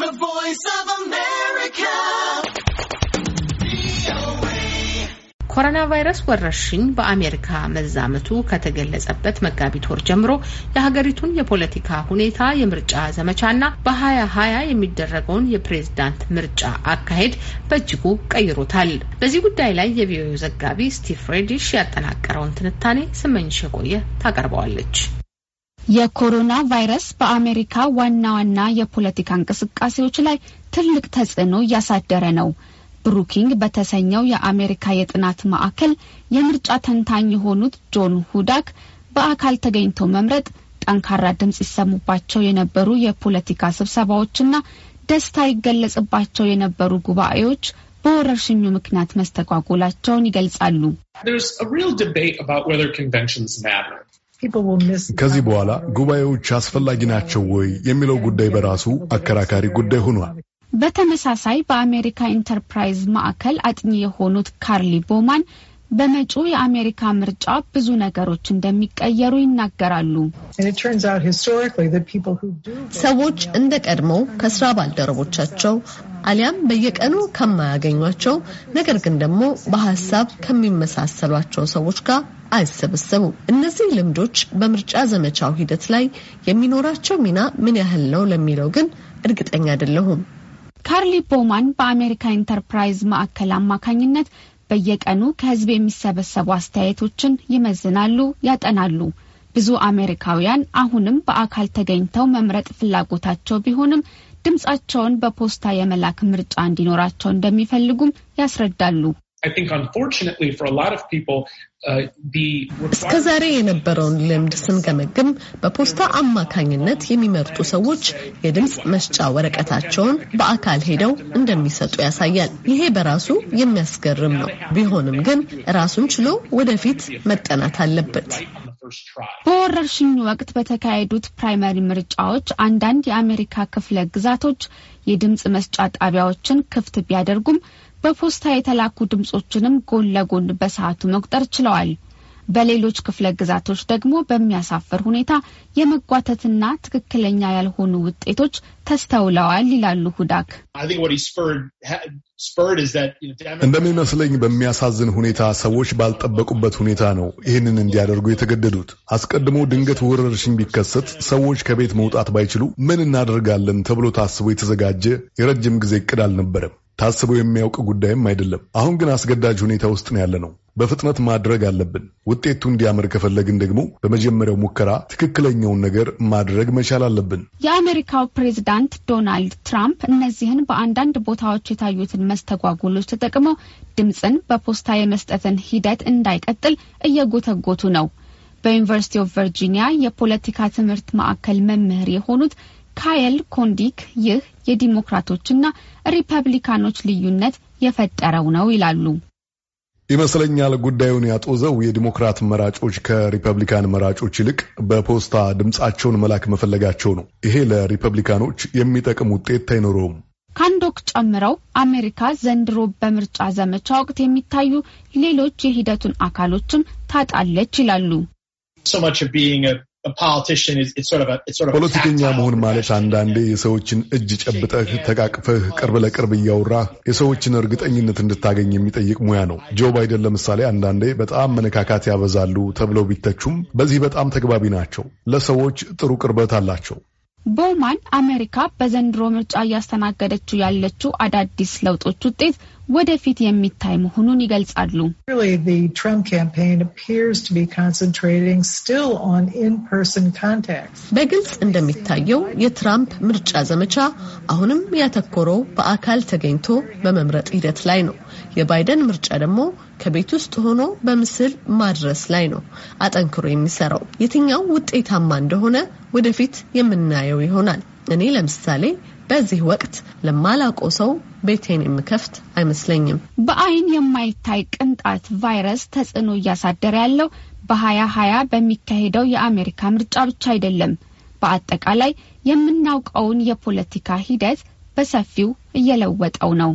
The Voice of America. ኮሮና ቫይረስ ወረርሽኝ በአሜሪካ መዛመቱ ከተገለጸበት መጋቢት ወር ጀምሮ የሀገሪቱን የፖለቲካ ሁኔታ፣ የምርጫ ዘመቻና በሀያ ሀያ የሚደረገውን የፕሬዝዳንት ምርጫ አካሄድ በእጅጉ ቀይሮታል። በዚህ ጉዳይ ላይ የቪኦኤ ዘጋቢ ስቲቭ ሬዲሽ ያጠናቀረውን ትንታኔ ስመኝሽ የቆየ ታቀርበዋለች። የኮሮና ቫይረስ በአሜሪካ ዋና ዋና የፖለቲካ እንቅስቃሴዎች ላይ ትልቅ ተጽዕኖ እያሳደረ ነው። ብሩኪንግ በተሰኘው የአሜሪካ የጥናት ማዕከል የምርጫ ተንታኝ የሆኑት ጆን ሁዳክ በአካል ተገኝተው መምረጥ ጠንካራ ድምፅ ይሰሙባቸው የነበሩ የፖለቲካ ስብሰባዎችና ደስታ ይገለጽባቸው የነበሩ ጉባኤዎች በወረርሽኙ ምክንያት መስተጓጎላቸውን ይገልጻሉ። ከዚህ በኋላ ጉባኤዎች አስፈላጊ ናቸው ወይ የሚለው ጉዳይ በራሱ አከራካሪ ጉዳይ ሆኗል። በተመሳሳይ በአሜሪካ ኢንተርፕራይዝ ማዕከል አጥኚ የሆኑት ካርሊ ቦማን በመጪው የአሜሪካ ምርጫ ብዙ ነገሮች እንደሚቀየሩ ይናገራሉ። ሰዎች እንደ ቀድሞው ከስራ ባልደረቦቻቸው አሊያም በየቀኑ ከማያገኟቸው ነገር ግን ደግሞ በሀሳብ ከሚመሳሰሏቸው ሰዎች ጋር አይሰበሰቡም። እነዚህ ልምዶች በምርጫ ዘመቻው ሂደት ላይ የሚኖራቸው ሚና ምን ያህል ነው ለሚለው ግን እርግጠኛ አይደለሁም። ካርሊ ቦማን በአሜሪካ ኢንተርፕራይዝ ማዕከል አማካኝነት በየቀኑ ከህዝብ የሚሰበሰቡ አስተያየቶችን ይመዝናሉ፣ ያጠናሉ። ብዙ አሜሪካውያን አሁንም በአካል ተገኝተው መምረጥ ፍላጎታቸው ቢሆንም ድምፃቸውን በፖስታ የመላክ ምርጫ እንዲኖራቸው እንደሚፈልጉም ያስረዳሉ። uh, እስከ ዛሬ የነበረውን ልምድ ስንገመግም በፖስታ አማካኝነት የሚመርጡ ሰዎች የድምፅ መስጫ ወረቀታቸውን በአካል ሄደው እንደሚሰጡ ያሳያል። ይሄ በራሱ የሚያስገርም ነው። ቢሆንም ግን ራሱን ችሎ ወደፊት መጠናት አለበት። በወረርሽኙ ወቅት በተካሄዱት ፕራይመሪ ምርጫዎች አንዳንድ የአሜሪካ ክፍለ ግዛቶች የድምፅ መስጫ ጣቢያዎችን ክፍት ቢያደርጉም በፖስታ የተላኩ ድምፆችንም ጎን ለጎን በሰዓቱ መቁጠር ችለዋል። በሌሎች ክፍለ ግዛቶች ደግሞ በሚያሳፍር ሁኔታ የመጓተትና ትክክለኛ ያልሆኑ ውጤቶች ተስተውለዋል ይላሉ ሁዳክ። እንደሚመስለኝ በሚያሳዝን ሁኔታ ሰዎች ባልጠበቁበት ሁኔታ ነው ይህንን እንዲያደርጉ የተገደዱት። አስቀድሞ ድንገት ወረርሽኝ ቢከሰት ሰዎች ከቤት መውጣት ባይችሉ ምን እናደርጋለን ተብሎ ታስቦ የተዘጋጀ የረጅም ጊዜ እቅድ አልነበረም። ታስበው የሚያውቅ ጉዳይም አይደለም። አሁን ግን አስገዳጅ ሁኔታ ውስጥ ነው ያለ ነው። በፍጥነት ማድረግ አለብን። ውጤቱ እንዲያምር ከፈለግን ደግሞ በመጀመሪያው ሙከራ ትክክለኛውን ነገር ማድረግ መቻል አለብን። የአሜሪካው ፕሬዚዳንት ዶናልድ ትራምፕ እነዚህን በአንዳንድ ቦታዎች የታዩትን መስተጓጎሎች ተጠቅመው ድምፅን በፖስታ የመስጠትን ሂደት እንዳይቀጥል እየጎተጎቱ ነው። በዩኒቨርሲቲ ኦፍ ቨርጂኒያ የፖለቲካ ትምህርት ማዕከል መምህር የሆኑት ካየል ኮንዲክ ይህ የዲሞክራቶችና ሪፐብሊካኖች ልዩነት የፈጠረው ነው ይላሉ። ይመስለኛል ጉዳዩን ያጦዘው የዲሞክራት መራጮች ከሪፐብሊካን መራጮች ይልቅ በፖስታ ድምፃቸውን መላክ መፈለጋቸው ነው። ይሄ ለሪፐብሊካኖች የሚጠቅም ውጤት አይኖረውም። ካንዶክ ጨምረው አሜሪካ ዘንድሮ በምርጫ ዘመቻ ወቅት የሚታዩ ሌሎች የሂደቱን አካሎችም ታጣለች ይላሉ። ፖለቲከኛ መሆን ማለት አንዳንዴ የሰዎችን እጅ ጨብጠህ ተቃቅፈህ ቅርብ ለቅርብ እያወራህ የሰዎችን እርግጠኝነት እንድታገኝ የሚጠይቅ ሙያ ነው። ጆ ባይደን ለምሳሌ አንዳንዴ በጣም መነካካት ያበዛሉ ተብለው ቢተቹም በዚህ በጣም ተግባቢ ናቸው። ለሰዎች ጥሩ ቅርበት አላቸው። ቦማን አሜሪካ በዘንድሮ ምርጫ እያስተናገደችው ያለችው አዳዲስ ለውጦች ውጤት ወደፊት የሚታይ መሆኑን ይገልጻሉ። በግልጽ እንደሚታየው የትራምፕ ምርጫ ዘመቻ አሁንም ያተኮረው በአካል ተገኝቶ በመምረጥ ሂደት ላይ ነው። የባይደን ምርጫ ደግሞ ከቤት ውስጥ ሆኖ በምስል ማድረስ ላይ ነው አጠንክሮ የሚሰራው። የትኛው ውጤታማ እንደሆነ ወደፊት የምናየው ይሆናል። እኔ ለምሳሌ በዚህ ወቅት ለማላውቀው ሰው ቤቴን የምከፍት አይመስለኝም። በአይን የማይታይ ቅንጣት ቫይረስ ተጽዕኖ እያሳደረ ያለው በሀያ ሀያ በሚካሄደው የአሜሪካ ምርጫ ብቻ አይደለም። በአጠቃላይ የምናውቀውን የፖለቲካ ሂደት በሰፊው እየለወጠው ነው።